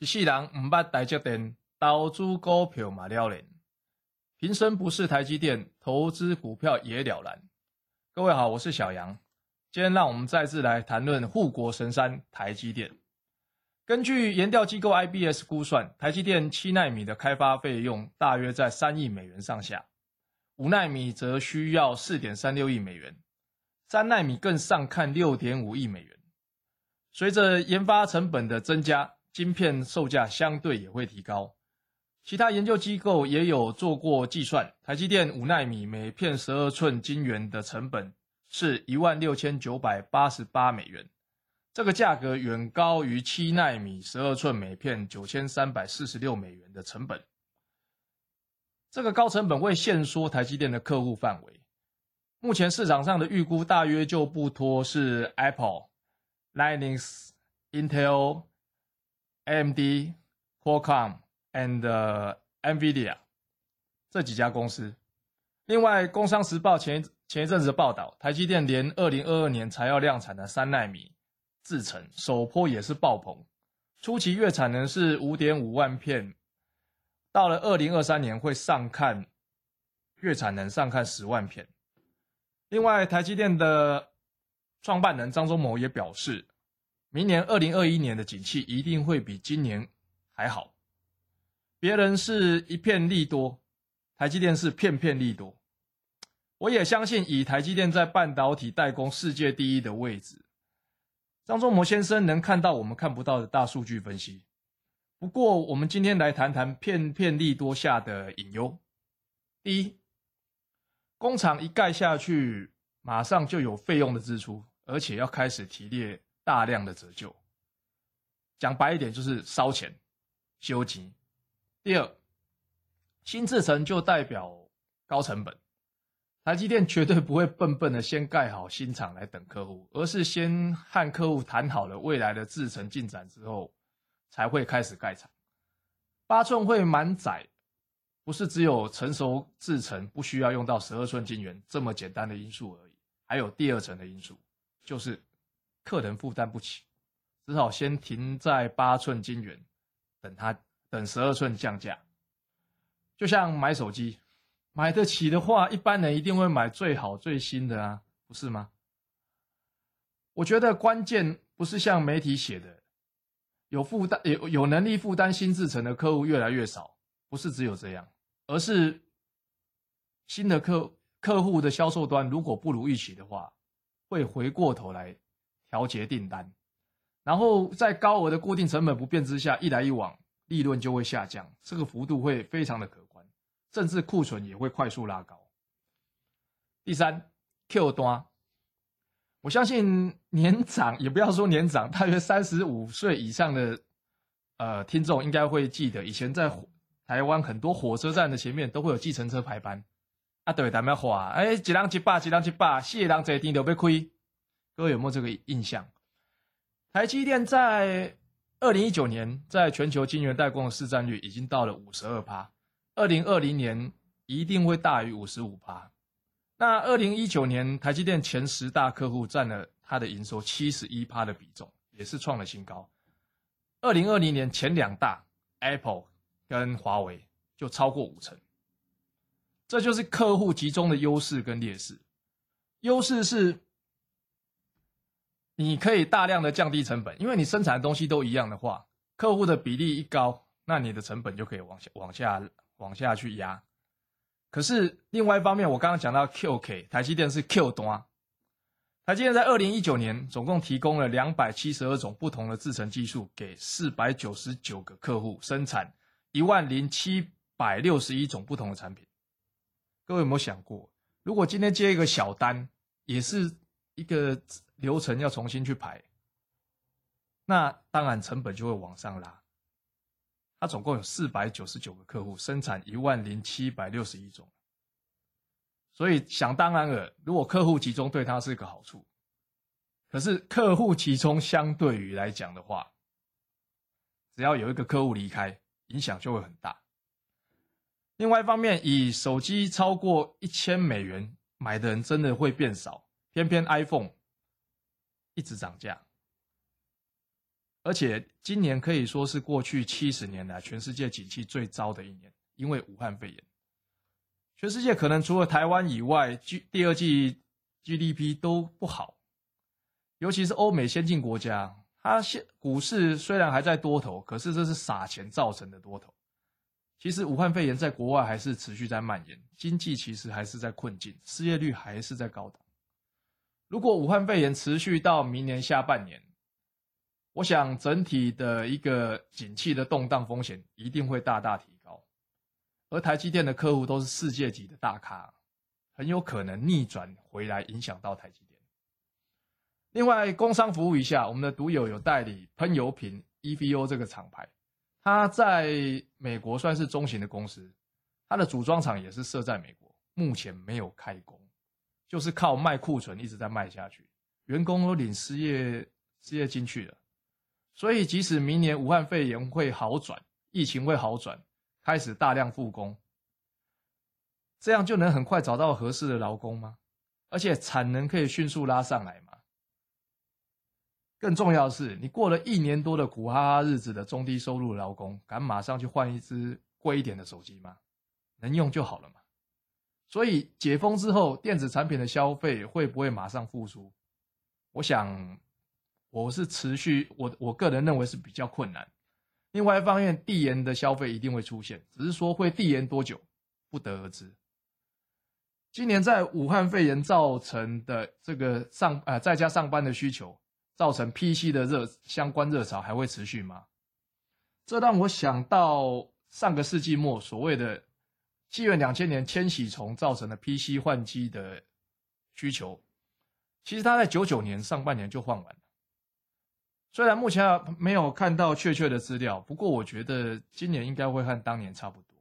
一世人唔捌台積電，投資股票馬了然。平生不識台積電，投資股票也了然。各位好，我是小楊。今天讓我們再次來談論護國神山台積電。根據研調機構 IBS 估算，台積電七奈米的開發費用大約在三億美元上下，五奈米則需要四點三六億美元，三奈米更上看六點五億美元。隨着研發成本的增加。晶片售價相對也會提高，其他研究機構也有做過計算，台積電五奈米每片十二寸晶圓的成本是一萬六千九百八十八美元，這個價格遠高於七奈米十二寸每片九千三百四十六美元的成本。這個高成本會限縮台積電的客戶範圍，目前市場上的預估大約就不脫是 Apple、Linus、Intel。AMD、Qualcomm and Nvidia 這幾家公司。另外，《工商時報》前一，前一陣子的報道，台積電連二零二二年才要量產的三奈米製程，首波也是爆棚，初期月產能是五點五萬片，到了二零二三年會上看月產能上看十萬片。另外，台積電的創辦人張忠謀也表示。明年二零二一年的景氣一定會比今年還好。別人是一片利多，台積電是片片利多。我也相信，以台積電在半導體代工世界第一的位置，張忠謀先生能看到我們看不到的大數據分析。不過，我們今天來談談片片利多下的隱憂。第一，工廠一蓋下去，馬上就有費用的支出，而且要開始提列。大量的折舊，講白一點就是燒錢修機。第二，新制程就代表高成本，台積電絕對不會笨笨的先蓋好新廠來等客戶，而是先和客戶談好了未來的制程進展之後，才會開始蓋廠。八寸會滿載，不是只有成熟制程不需要用到十二寸晶圓這麼簡單的因素而已，還有第二層的因素就是。客人負擔不起，只好先停在八吋晶圓，等他等十二吋降價。就像買手機，買得起的話，一般人一定會買最好最新的啊，不是嗎？我覺得關鍵不是像媒體寫的，有負擔，有有能力負擔新製程的客戶越來越少，不是只有這樣，而是新的客客戶的銷售端如果不如預期的話，會回過頭來。調節訂單，然後在高額的固定成本不變之下，一來一往，利潤就會下降，這個幅度會非常的可觀，甚至庫存也會快速拉高。第三，Q 端，我相信年長也不要說年長，大約三十五歲以上的呃聽眾應該會記得，以前在台灣很多火車站的前面都會有計程車排班，啊，對他們要說，哎，一人一百，一人一百，四個人坐定都要虧。各位有沒有這個印象？台積電在二零一九年在全球晶圓代工的市占率已經到了五十二趴，二零二零年一定會大於五十五趴。那二零一九年台積電前十大客戶占了他的營收七十一趴的比重，也是創了新高。二零二零年前兩大 Apple 跟華為就超過五成，這就是客戶集中的優勢跟劣勢。優勢是。你可以大量的降低成本，因為你生產的東西都一樣的話，客戶的比例一高，那你的成本就可以往下、往下、往下去壓。可是另外一方面，我剛剛講到 QK，台積電是 Q 端，台積電在二零一九年總共提供了兩百七十二種不同的製程技術給四百九十九個客戶生產一萬零七百六十一種不同的產品。各位有沒有想過，如果今天接一個小單，也是一個？流程要重新去排，那當然成本就會往上拉。它總共有四百九十九個客戶，生產一萬零七百六十一種，所以想當然了，如果客戶集中，對它是一個好處。可是客戶集中，相對於來講的話，只要有一個客戶離開，影響就會很大。另外一方面，以手機超過一千美元買的人真的會變少，偏偏 iPhone。一直漲價，而且今年可以說是過去七十年來全世界景氣最糟的一年，因為武漢肺炎，全世界可能除了台灣以外，G 第二季 GDP 都不好，尤其是歐美先進國家，它現股市雖然還在多頭，可是這是撒錢造成的多頭。其實武漢肺炎在國外還是持續在蔓延，經濟其實還是在困境，失業率還是在高檔。如果武漢肺炎持續到明年下半年，我想整體的一個景氣的動盪風險一定會大大提高，而台積電的客戶都是世界級的大咖，很有可能逆轉回來影響到台積電。另外，工商服務一下，我們的讀友有，有代理噴油瓶 EVO 這個廠牌，它在美國算是中型的公司，它的組裝廠也是設在美國，目前沒有開工。就是靠賣庫存一直在賣下去，員工都領失業失業金去了，所以即使明年武漢肺炎會好轉，疫情會好轉，開始大量復工，這樣就能很快找到合適的勞工嗎？而且產能可以迅速拉上來嗎？更重要的是，你過了一年多的苦哈哈日子的中低收入勞工，敢馬上去換一支貴一點的手機嗎？能用就好了嘛？所以解封之後，電子產品的消費會不會馬上復甦？我想，我是持續，我我個人認為是比較困難。另外一方面，遞延的消費一定會出現，只是說會遞延多久，不得而知。今年在武漢肺炎造成的這個上啊、呃、在家上班的需求，造成 PC 的熱，相關熱潮還會持續嗎？這讓我想到上個世紀末所謂的紀元兩千年，千禧蟲造成的 PC 換機的需求，其實它在九九年上半年就換完了。雖然目前沒有看到確切的資料，不過我覺得今年應該會和當年差不多。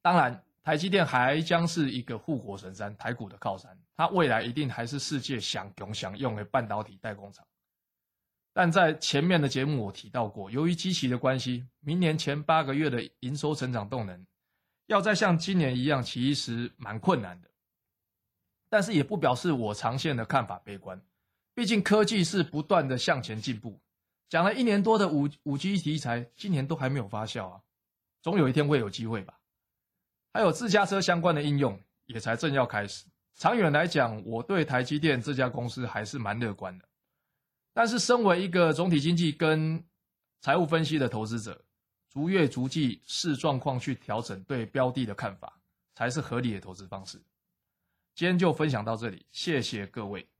當然，台積電還將是一個護國神山，台股的靠山，它未來一定還是世界想用、想用的半導體代工廠。但在前面的節目我提到過，由於基期的關係，明年前八個月的營收成長動能，要再像今年一樣，其實蠻困難的。但是也不表示我長線的看法悲觀，畢竟科技是不斷的向前進步。講了一年多的五五 G 題材，今年都還沒有發酵啊，總有一天會有機會吧。還有自駕車相關的應用也才正要開始。長遠來講，我對台積電這家公司還是蠻樂觀的。但是，身為一個總體經濟跟財務分析的投資者，逐月逐季視狀況去調整對標的的看法，才是合理的投資方式。今天就分享到這裡，謝謝各位。